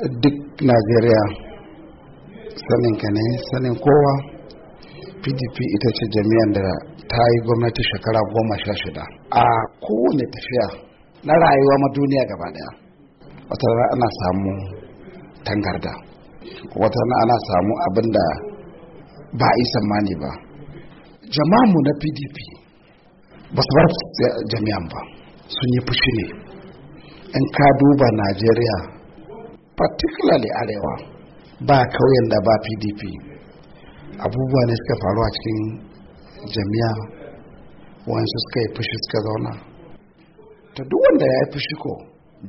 duk najeriya sanin ne sanin kowa pdp ita ce jami'an da ta yi gwamnati shekara goma sha shida a kowane tafiya na rayuwa ma duniya gaba daya wata rana ana samu tangarda wata rana ana samu abin da ba a yi tsammani ba jama'anmu na pdp ba su bar jami'an ba sun yi fushi ne in ka duba najeriya particularly arewa ba kauyen da ba pdp abubuwa ne suka faru a cikin jami'a wansu suka yi fushi suka zauna ta duk wanda ya yi fushi ko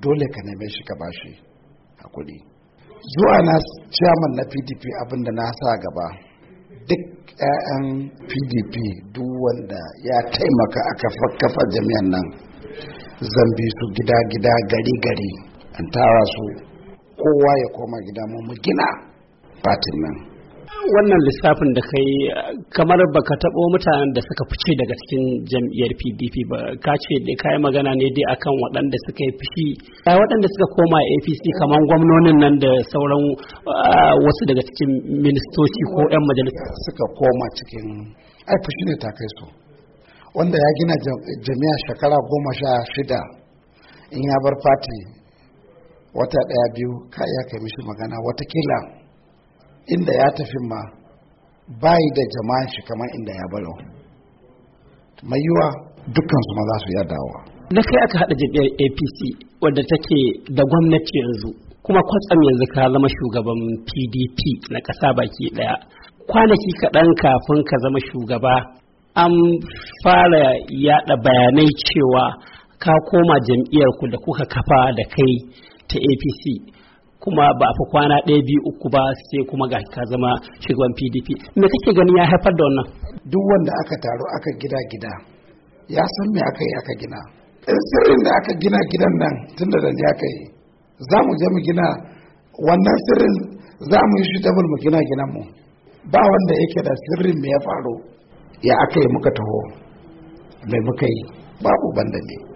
dole ka neme shi ka bashi a kudi. zuwa na chairman na pdp abinda na sa gaba duk 'ya'yan pdp duk wanda ya taimaka aka kafa jami'an nan zan bi su gida-gida gari-gari an tara su kowa ya koma gida mu mu gina fatin nan wannan lissafin da kai kamar baka taɓo mutanen da suka fice daga cikin jam'iyyar pdp ba ka ce da kayi magana ne dai akan waɗanda suka yi fishi waɗanda suka koma apc kamar gwamnonin nan da sauran ah, wasu daga cikin ministoci ko 'yan majalisa suka koma cikin ai fushi ne ta kai su wanda ya gina jami'a shekara goma sha shida in ya bar fati wata ɗaya biyu ka iya kai mishi magana watakila inda ya tafi ma bayi da jama'an shi kamar inda ya baro mai yiwa dukkansu ma za su ya dawowa da kai aka haɗa jam'iyyar apc wadda take da gwamnati yanzu kuma kwatsam yanzu ka zama shugaban pdp na ƙasa baki ɗaya kwanaki kaɗan kafin ka zama shugaba an fara yaɗa bayanai cewa ka koma jam'iyyar ku da kuka kafa da kai ta apc kuma ba a fi kwana ɗaya biyu uku ba sai kuma ga ka zama shugaban pdp me kake gani ya haifar da wannan duk wanda aka taro aka gida gida ya san me aka yi aka gina ɗan sirrin da aka gina gidan nan tun da dan aka yi za mu je mu gina wannan sirrin za mu yi shi dabal mu gina ginan mu ba wanda yake da sirrin me ya faru ya aka yi muka taho mai muka yi babu banda ne